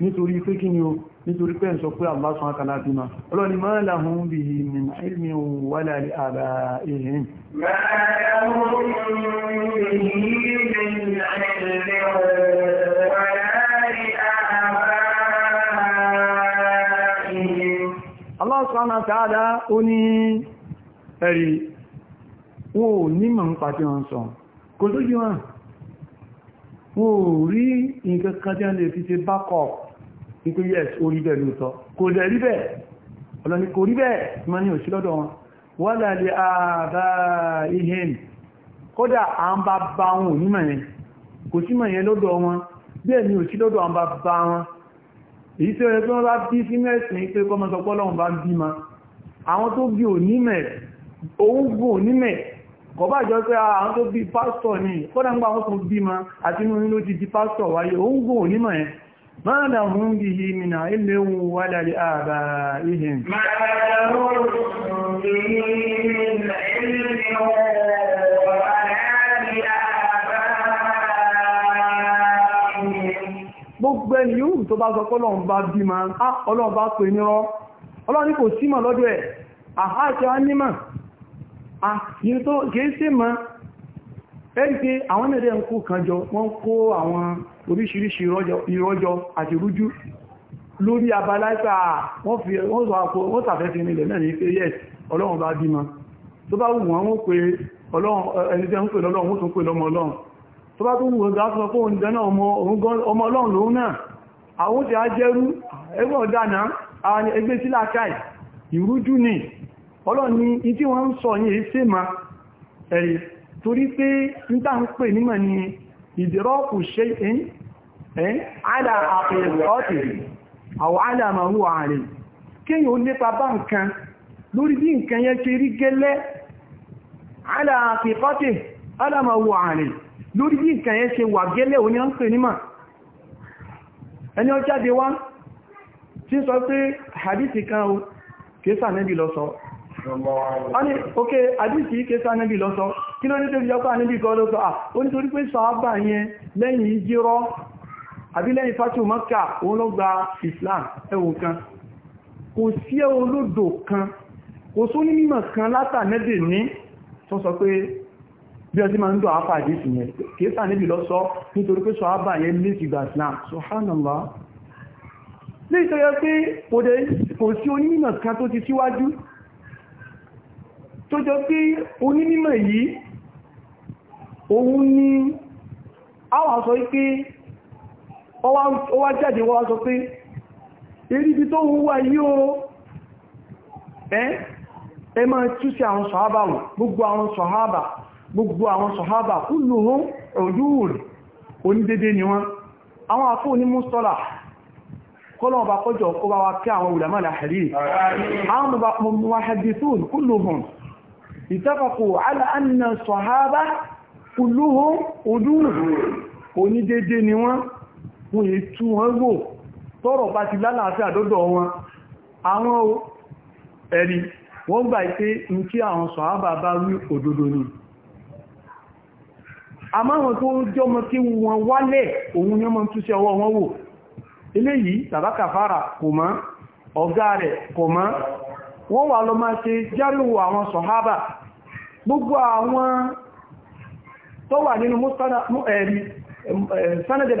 nítorí pé kí ni o nítorí pé ń sọ pé Allah subhanahu wa ta'ala bímá ọlọ́ni máa lahum bihi min ilmin wala li aba'ihim Allah subhanahu wa ta'ala ó ní ẹ̀rí wọn ò ní mọ̀ ń pàtí wọn sọ kò lójú wọn wọn wípé yes ó rí bẹ́ẹ̀ lóòtọ́ kò dẹ̀ rí bẹ́ẹ̀ ọlọ́ni kò rí bẹ́ẹ̀ ma ní òsí lọ́dọ̀ wọn wọ́n lálẹ́ àbá ihem kódà à ń bá bá wọn onímọ̀ yẹn kò sí mọ̀ yẹn lọ́dọ̀ wọn bẹ́ẹ̀ ni òsí lọ́dọ̀ wọn bá bá wọn èyí tí ọ̀rẹ́ tí wọ́n bá bí sí mẹ́sìn pé kọ́mọ sọ bá ń bí ma àwọn tó bí onímọ̀ òun gùn onímọ̀ kọ̀bá jọ pé àwọn tó bí pásítọ̀ ni kódà ń gbà wọn tó bí ma àti inú ló ti di pásítọ̀ wáyé òun gùn onímọ̀ yẹn ما لهم به من علم ولا لآبائهم ما
لهم
gbogbo ẹni yóò tó bá bá bí ma á ọlọ́run bá pè ní rọ́ ọlọ́run kò símọ̀ lọ́dọ̀ ẹ̀ àhájọ́ ánímà kìí sí ma ẹ́ pé àwọn ń kó wọ́n kó àwọn oríṣiríṣi ìrọ́jọ àti rújú lórí abaláṣà wọ́n tàfẹ́ fi nílẹ̀ náà ní pé yes ọlọ́run bá bímọ tó bá wù wọ́n wọ́n pé ẹni tẹ́ ń pè lọ́lọ́run wọ́n tún pè lọ́mọ ọlọ́run tó bá tún wùn gáà sọ pé òun jẹ́ náà ọmọ ọlọ́run lòun náà àwọn tí a jẹ́rú ẹgbẹ́ ọ̀dánà ẹgbẹ́ sílá káì ìrújú ni ọlọ́run ni tí wọ́n ń sọ yìí ṣe ma ẹ̀rì torí pé ń tà ń pè nímọ̀ ni ìdẹ̀rọ́pù ṣe àdà àpẹẹrẹ ọ́tìrì àwọn àdàmàwò ààrẹ kíyàn ó nípa bá nǹkan lórí bí nǹkan yẹn ṣe rí gẹ́lẹ́ àdà àpẹẹkọ́tì àdàmàwò ààrẹ lórí bí nǹkan yẹn ṣe wà gẹ́lẹ́ òní ń pè nímà ẹni ó jáde wá tí sọ pé hadithi kan o kéṣà nẹ́bì lọ sọ ọ́nì oké hadithi kéṣà nẹ́bì lọ kí ló ní tó fi jọ́pá nẹ́bì kọ́ ló à ó pé sọ àbí lẹ́yìn fatu mọ́kà òun ló gba islam ẹwùn kan kò sí olódò kan kò só ní mímọ̀ kan látànẹ́dẹ̀ ní tó sọ pé bí ọdí ma ń dọ̀ àpá àdísì yẹn kéèsà níbi lọ sọ nítorí pé sọ́ábà yẹn lè ti gbà islam subhanallah ni àwọn sọ pé ó wá jáde wọ́n sọ pé eríbi tó ń wà yí o ẹ máa tú sí àwọn sọ̀hábà wọn gbogbo àwọn sọ̀hábà gbogbo àwọn sọ̀hábà kúlù hún ọdún onídédé ni wọ́n àwọn àfún onímúsọ́là kọ́lọ̀ ọba kọjọ kó bá wa kí ni wọ́n wọ́n yìí tú wọn wò tọ́rọ̀ bá ti lálàáfíà dọ́dọ̀ wọn àwọn ẹ̀rí wọ́n gbà pé ní kí àwọn sọ̀hábà bá wí òdodo ni àmáwọn tó jọmọ kí wọn wálẹ̀ òun yọmọ túnṣẹ́ ọwọ́ wọn wò eléyìí tàbákàfàrà kò mọ́ ọ̀gá rẹ̀ kò mọ́ wọ́n wà lọ ṣe àwọn gbogbo àwọn tó wà nínú eh, sanadil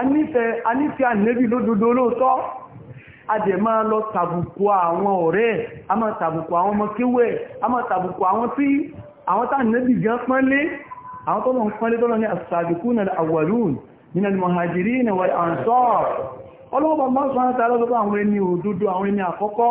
anífẹ́ anífẹ́ ànẹ́bì lódodo lóòtọ́ adẹ̀ máa lọ tàbùkù àwọn ọ̀rẹ́ ẹ̀ a máa tàbùkù àwọn ọmọ kéwẹ̀ a máa tàbùkù àwọn tí àwọn tàbùkù gan pánlé àwọn tọ́lọ̀ ń pánlé tọ́lọ̀ ní as-sabiquna al-awwalun min al-muhajirin wal-ansar ọlọ́wọ́ bá sọ àtà lọ́gbọ́ àwọn ẹni òdodo àwọn ẹni àkọ́kọ́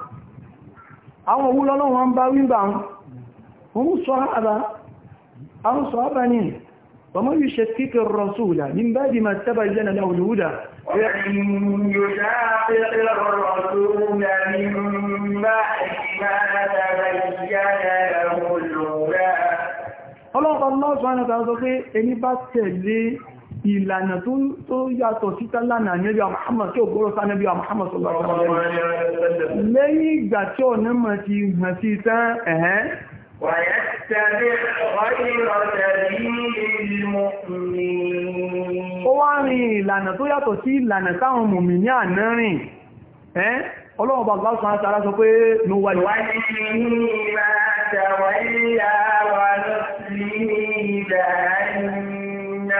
àwọn owó lọ́lọ́wọ́n ń bá wíbà wọn mú sọ àbá àwọn sọ àbá ní ومن يشكك الرسول من بعد ما تبين له الهدى
ومن يشاقق الرسول
من بعد
ما تبين له الهدى
ọlọ́pàá lọ́sùn àwọn ọ̀tọ̀ pé ẹni bá ìlànà tó yàtọ̀ síta lánàá nẹ́bí àmàhàmà tí ó gbọ́rọ̀ sá nẹ́bí àmàhàmà sọ̀rọ̀ lẹ́yìn ìgbà tí ọ̀nà mọ̀ ti hàn sí tán ẹ̀hẹ́n ó wá rìn ìlànà tó yàtọ̀ sí ìlànà táwọn mùmí ní àná rìn bá gbáṣọ́ àti sọ pé ló wà ní wáyé
ní ìlànà tàwáyé àwọn àlọ́sí ìdáyé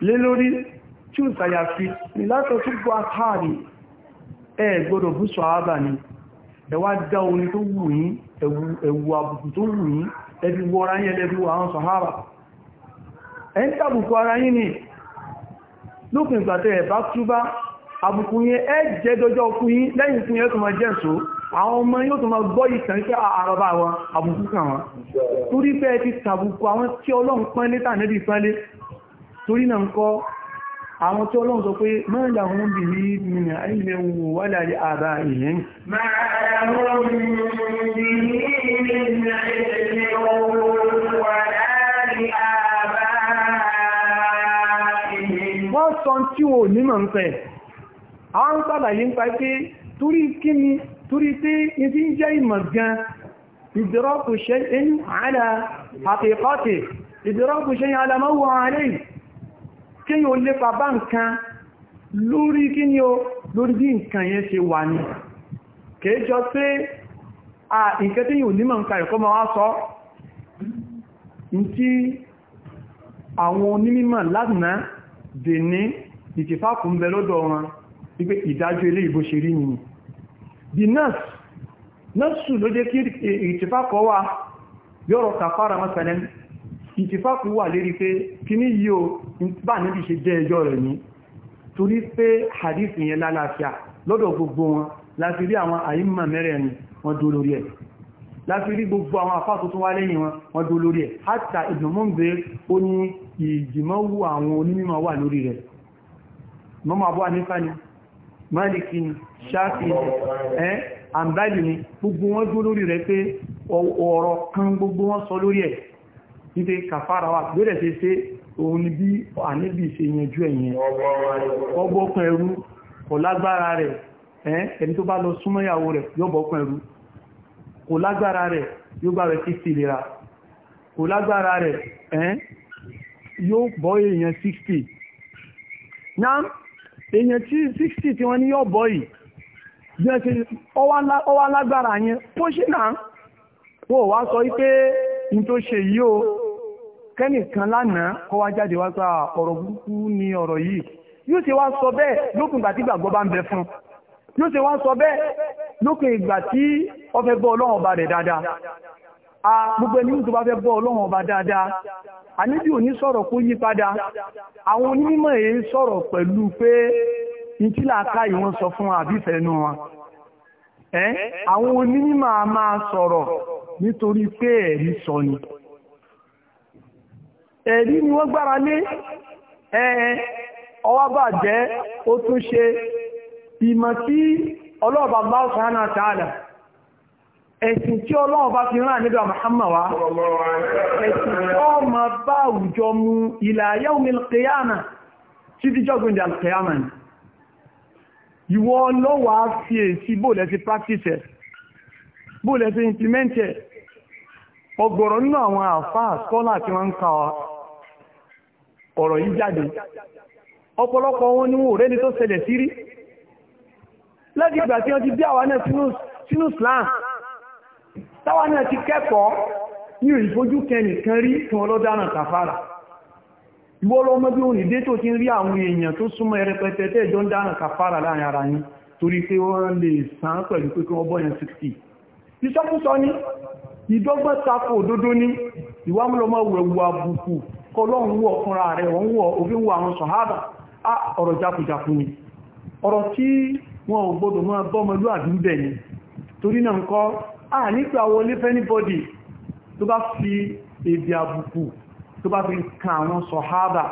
lé lórí tí ó sàyàfi ní látọ̀ tó gbọ́ àtàrí ẹ bú sọ àábà ni ẹwà dá orin tó wù yín ẹ̀wù àbùkù tó wù yín ẹbí wọ́ra yẹn lẹ́bí wọ àwọn sàhábà ẹ ń tàbùkù ara yín ni lópin ìgbàtẹ̀ ẹ̀bá túbá àbùkù yẹn ẹ jẹ́ dọjọ́ ọkú yín lẹ́yìn fún yẹn tó máa jẹ́ ìṣó àwọn ọmọ yóò tó máa gbọ́ ìtàn sí ah, àrọ̀bá wọn àbùkù kan wọn torí bẹ́ẹ̀ ti tàbùkù àwọn tí ọlọ́run pẹ́lẹ́ tà níbi pẹ́lẹ́ torí náà ń kọ́ àwọn tí ọlọ́run sọ pé máa làwọn ń bì ní ìmìnà ilẹ̀ òwò wà láàrí
àbá ìyẹn
wọ́n sọ tí ò nímọ̀ ń pẹ̀ àwọn ń sàlàyé ń pa pé torí kí ni torí pé ìdí ń jẹ́ ìmọ̀ gan ìdírọ́kù ṣe ń àádà àti ìkọ́tì ṣe ń alamọ́wọ́ àárín kéyàn ó lépa bá nǹkan lórí kí ni ó lórí bí nǹkan yẹn ṣe wà ní kèéjọ pé à nǹkan tí yìí ò nímọ̀ nǹkan ẹ̀kọ́ ma wá sọ ní tí àwọn onímọ̀ lánàá dè ní ìtìfàkùn bẹ lọ́dọ̀ wọn wípé ìdájọ́ ilé ìbò ṣe rí nìyí bí nọ́ọ̀sì nọ́ọ̀sì ló jẹ́ kí ìtìfàkọ́ wà yọ́rọ̀ kàfàrà mọ́sàlẹ́ni ìtìfáàkù wà lérí pé kíní yìí o bá níbi ṣe jẹ́ ẹjọ́ rẹ̀ ní torí pé hadith yẹn lálàáfíà lọ́dọ̀ gbogbo wọn láti rí àwọn àyíma mẹ́rẹ̀ẹ̀rin wọn dó lórí ẹ̀ láti rí gbogbo àwọn afáàtò tó wá lẹ́yìn wọn wọn dó lórí ẹ̀ hátà ìdùnmọ́ǹdé ni máàlìkì ni ṣáàfì ẹ́ àǹbáìlì ni gbogbo wọn ọ̀rọ̀ kan gbogbo wọn sọ lórí ẹ̀ níbi kàfàrà wà gbẹ́rẹ̀ ṣe ṣe òun ni bí àníbì ṣe yanjú ẹ̀yìn ọgbọ́kùn ẹrú kò lágbára rẹ̀ ẹni tó bá lọ súnmọ́ ìyàwó rẹ̀ yóò bọ́kùn ẹrú kò lágbára rẹ̀ yóò gbà rẹ̀ sí ìlera kò lágbára rẹ̀ yóò bọ́ èèyàn 60 náà èèyàn tí 60 tí yóò bọ́ ní tó ṣe yìí o kẹ́nìkan lánàá kọ́ wá jáde wá gba ọ̀rọ̀ burúkú ni ọ̀rọ̀ yìí yóò ṣe wá sọ bẹ́ẹ̀ lókun ìgbà tí gbàgbọ́ bá ń bẹ fún yóò ṣe wá sọ bẹ́ẹ̀ lókun ìgbà tí ó fẹ́ bọ́ ọlọ́run ọba rẹ̀ dáadáa a gbogbo ẹni tó bá fẹ́ bọ́ ọlọ́run ọba dáadáa àníbi òní sọ̀rọ̀ kó yí padà àwọn onímọ̀ èyí sọ̀rọ̀ pẹ̀lú pé ìtìlá ká ìwọ̀n sọ fún àbífẹ́ nù wọn àwọn onímọ̀ a máa sọ̀rọ̀ nítorí pé ẹ̀rí sọ ni ẹ̀rí ni wọ́n gbára lé ẹ̀ẹ́ ọwá bà ó tún ṣe ìmọ̀ tí ọlọ́ọ̀bà bá sọ́hánà tààdà ẹ̀sìn tí ọlọ́run fi rán nígbà Muhammad wá ẹ̀sìn tó ma bá àwùjọ mu ila yawmil qiyamah bóòlẹ̀ sí implementi ẹ̀ ọgbọ̀rọ̀ nínú àwọn àfáà sọ́lá tí wọ́n ń ka ọ̀rọ̀ yìí jáde ọ̀pọ̀lọpọ̀ wọn ni wọ́n rẹ́ ni tó ṣẹlẹ̀ sí rí lẹ́gbẹ̀ ìgbà tí wọ́n ti bí àwa náà sínú Islam táwa náà ti kẹ́kọ̀ọ́ ní ìfojú kẹnìkan rí fún ọlọ́dáràn kàfàrà ìwọ́lọ́ ọmọdé òní dé tó ti ń rí àwọn èèyàn tó súnmọ́ ẹrẹpẹtẹ tẹ́ẹ̀jọ́ ń dáràn kàfàrà láàrin ara yín torí pé wọ́n lè sàn pẹ̀lú pé kí wọ́n bọ́yàn 60 ìṣọ́kúsọ ní ìdọ́gbọ́n tako òdodo ní ìwámúlọmọ wẹ̀wù àbùkù kọlọ́run wọ́ fúnra rẹ̀ wọ́n wọ́ òfin wọ àwọn sọ̀hábà á ọ̀rọ̀ jákùjákù ni ọ̀rọ̀ tí wọn ò gbọdọ̀ máa bọ́mọlú àdúgbẹ̀ ni torí náà kọ́ a nípa wọlé fẹ́nibọ́dì tó bá fi èdè àbùkù tó bá fi kan àwọn sọ̀hábà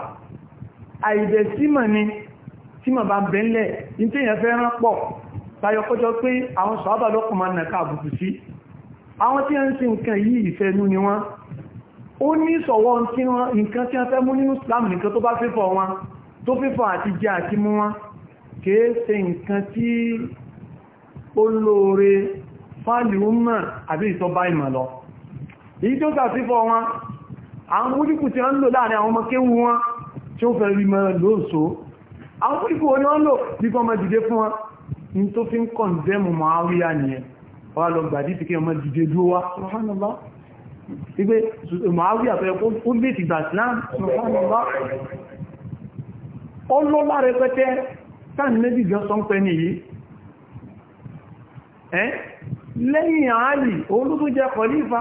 àìdẹ̀símọ̀ ni tí mọ̀ bá bẹ́ńlẹ̀ ní tí èèyàn fẹ́ràn pọ̀ tayọ kọjọ pé àwọn sọ́ábà lọ́kùn máa nàka àbùkù sí àwọn tí ń sin nǹkan yìí ìfẹ́nú ni wọ́n ó ní sọ̀wọ́ nǹkan tí wọ́n fẹ́ mú nínú Islam nìkan tó bá fífọ́ wọn tó fífọ́ àti jẹ àti mú wọn kìí ṣe nǹkan tí ó lóore fáàlìúmọ̀ ó fẹ́ rí mọ́ lóòsó ni wọ́n lò ní tó fi ń kọ̀ǹdẹ́mù Muawiya nìyẹn wà lọ gbàdí ti kí ọmọ dìde dúó wá ṣùgbọ́nàlá wípé Muawiya fẹ́ ó lè ti gbà Islam ṣùgbọ́nàlá ọlọ́lá rẹpẹtẹ táàmì méjì gan sọ ń pẹ nìyí ẹ́ lẹ́yìn àálì òun ló tó jẹ́ kọlífà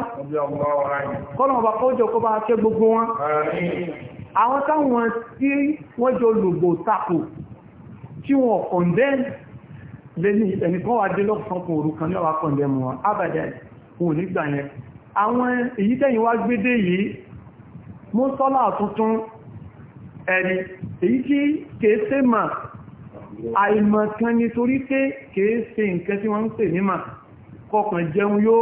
kọ́nà ọba kọjọ kọba akẹ́ gbogbo wọn àwọn táwọn tí wọ́n jọ lògbò tako tí wọ́n kọ̀ndẹ́mù lẹ́ni ẹnìkan wà dé lọ́pọ̀ kan òru kan ní ọwà kọ̀ndẹ̀ mọ̀ abàdẹ̀ òun nígbà yẹn àwọn èyí tẹ́yìn wá gbédé yìí mú sọ́lá tuntun ẹni èyí tí kèése mà àìmọ̀ ni torí pé kèése nǹkan tí wọ́n ń pè nímà kọkàn jẹun yóò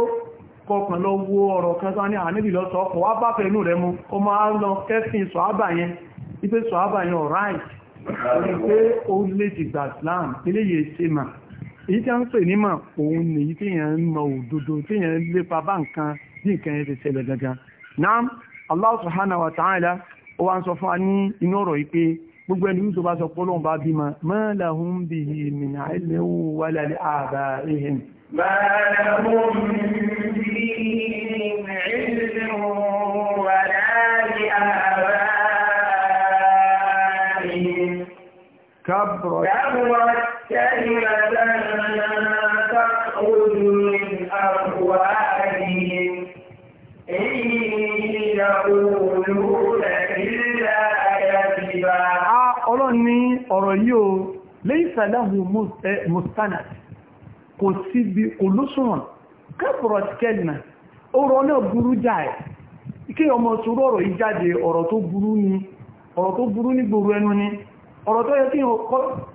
kọkàn lọ wo ọ̀rọ̀ kan sáà ní àníbì lọ́sọ ọkọ̀ wá bá fẹ́ inú rẹ mú ọmọ á lọ kẹ́sìn sọ̀ábà yẹn ipé sọ̀ábà yẹn ọ̀ráìtì orí pé ó lè ti gbà Islam eléyìí ṣe mà èyí tí a ń pè nímọ̀ òun nìyí tí èèyàn ń mọ òdodo tí èèyàn ń lépa bá nǹkan bí nǹkan yẹn ti ṣẹlẹ̀ gangan náà Allah subhanahu wa ta'ala ó wá ń sọ fún wa ní inú ọ̀rọ̀ yìí pé gbogbo ẹni tó bá sọ pé Ọlọ́run bá bímọ ma lahum bihi min ilmin wala li aba'ihim
ma lahum bihi min ilmin wala li aba'ihim na n'aka كلمة تخرج من أفواههم إن
يقولون
إلا
كذبا Ọlọ́run ọ̀rọ̀ yìí o, léìsà eh, kò síbi kò lóṣùwọ̀n, kẹ́bùrọ̀ ti kẹ́lìnà, ọ̀rọ̀ náà burú jáì, kí ọmọ ṣúrọ̀ ọ̀rọ̀ ike ọ̀rọ̀ tó burú ní gbòrò ẹnu ni, ọ̀rọ̀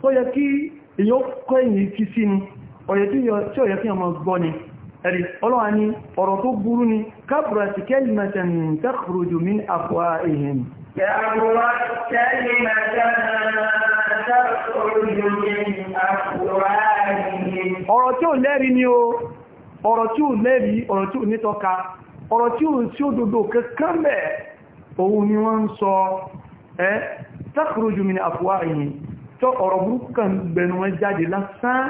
tó yẹ kí èyàn kọ́ èyàn kí sí ni ọ̀yẹ̀ tí ó yẹ kí ọmọ gbọ́ ni ẹ̀rí ọlọ́wà ní ọ̀rọ̀ tó burú ni kabura kalimatan takhruju min afwahihim ọ̀rọ̀ tí ó lẹ́rí ni o ọ̀rọ̀ tí ó lẹ́rí takhruju min afwahihim tó ọ̀rọ̀ burúkú kan gbẹnu wọn jáde lásán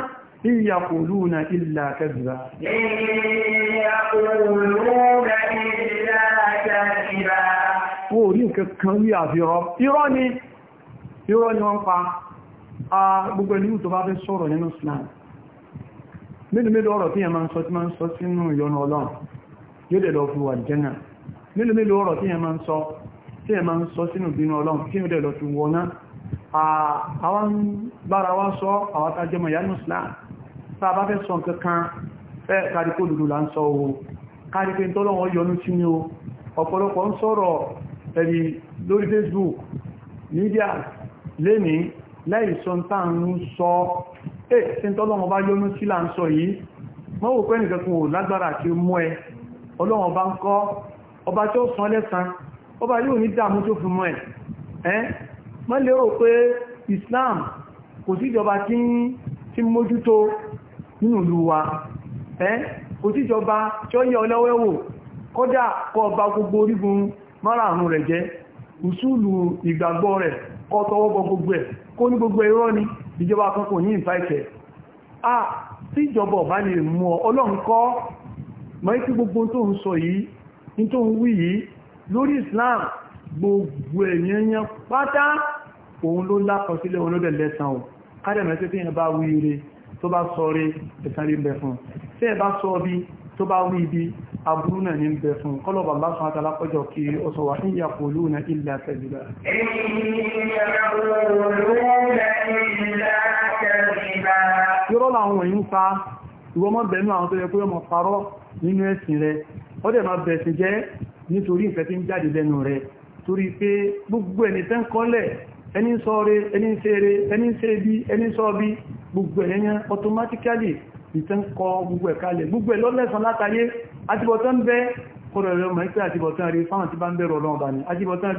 in yaquluna illa kadhiba wọ́n rí nǹkan kan rí àfihàn irọ́ ni irọ́ ni wọ́n pa gbogbo ẹni tó bá fẹ́ sọ̀rọ̀ nínú islam mélòó mélòó ọ̀rọ̀ tí yẹn máa ń sọ tí máa ń sọ sínú ìyọnu ọlọ́run yóò dẹ̀ lọ fún wà jẹ́nà mélòó mélòó ọ̀rọ̀ tí yẹn máa ń sọ tí ẹ máa ń sọ sínú bínú ọlọ́run kí ní dẹ̀lọ fi wọná àwọn bára wá sọ àwọn tajọmọ̀ yánú islam tá bá fẹ́ sọ nǹkankan fẹ́ kàríkò lùlù là ń sọ o kàríkò tọ́lọ́wọ́ yọnú sí ni o ọ̀pọ̀lọpọ̀ ń sọ̀rọ̀ ẹ̀rí lórí facebook media lẹ́ni láì sọ tá ń sọ ẹ̀ tí tọ́lọ́wọ́ bá yọnú sí là ń sọ yìí mọ́wọ́ pẹ́ nìkan kò lágbára kí mú ẹ ọlọ́wọ́ bá ń kọ́ ọba yóò ní tó fún mọ́ ẹ̀ mọ́ lérò pé Islam kò ìjọba tí ń mójútó nínú ìlú wa kò ìjọba tí ó yẹ ọlọ́wẹ́wò kódà kọ ọba gbogbo orígun mara rẹ̀ jẹ́ ìsúlù ìgbàgbọ́ rẹ̀ kọ gbogbo ẹ̀ lórí Islam gbogbo ẹ̀yẹn yẹn pátá òun ló lákọsílẹ̀ òun ló dẹ̀ lẹ́sàn ò kádẹ̀mẹ́ tí tí yẹn bá wí ire tó bá sọ rí ẹ̀sàn rí bẹ̀ fún tí ẹ bá sọ bí tó bá wí bí aburú náà ní bẹ̀ fún kọlọ̀bà bá sọ àtàlápọ̀jọ kí ó sọ wà ní ìyàpòlú na ilẹ̀ àtẹ́jìlá yọ́rọ̀ làwọn èyí ń jẹ́ nítorí nǹkan tí ń jáde lẹ́nu rẹ̀ torí pé gbogbo ẹni tẹ́ ń kọ́lẹ̀ ẹni sọ rẹ̀ ẹni ṣe rẹ̀ ẹni ṣe bí ẹni sọ bí gbogbo ẹ̀yẹn automatically ìtẹ́ ń kọ gbogbo ẹ̀kalẹ̀ gbogbo ẹ̀ lọ́lẹ́sàn látàyé àtibọ̀tán bẹ́ kọ́rọ̀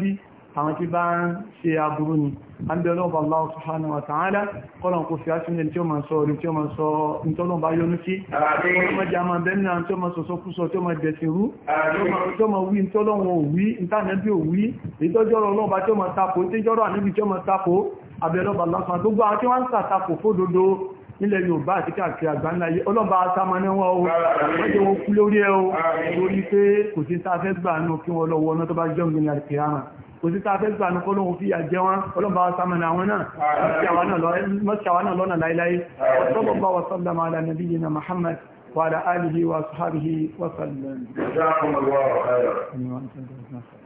ẹ̀rọ àwọn tí bá ń ṣe aburú ni a ń bẹ ọlọ́ọ̀bà Allah subhanahu wa ta'ala kọ́lọ̀ kò fi áṣúnlẹ̀ tí ó máa sọ orí tí ó máa sọ ìtọ́lọ̀bá yónú sí ọmọjá máa bẹ́mìnà tí ó máa sọ̀sọ́ kúsọ tí ó máa dẹ̀sìnrú tí ó máa wí ìtọ́lọ̀wọ̀n òwí ìtànẹ́bí òwí ìtọ́jọ́rọ̀ ọlọ́ọ̀bá tí ó máa tako ìtẹ́jọ́rọ̀ àníbi tí ó máa tako abẹ́lọ́bà Allah subhanahu gbogbo àwọn tí wọ́n ń sàtakò fódodo nílẹ̀ yorùbá àti káàkiri àgbáńláyé ọlọ́ba asámaná wọn o wọ́n wọn kú lórí ẹ o lórí pé kò sí sáfẹ́ gbà nù kí wọ́n lọ wọná tó bá jọ́ ìgbìyànjú àti kìí kò ta fẹ́ gbà ní kólóhun fi àjẹ́ wọn ọlọ́bà sàmànà àwọn náà mọ́síàwà náà lọ́nà láíláí ọ̀sọ́gbọ̀gbà wàsọ́lọ́mà ala nabiyyina Muhammad wa ala alihi wa sahbihi wa
sallam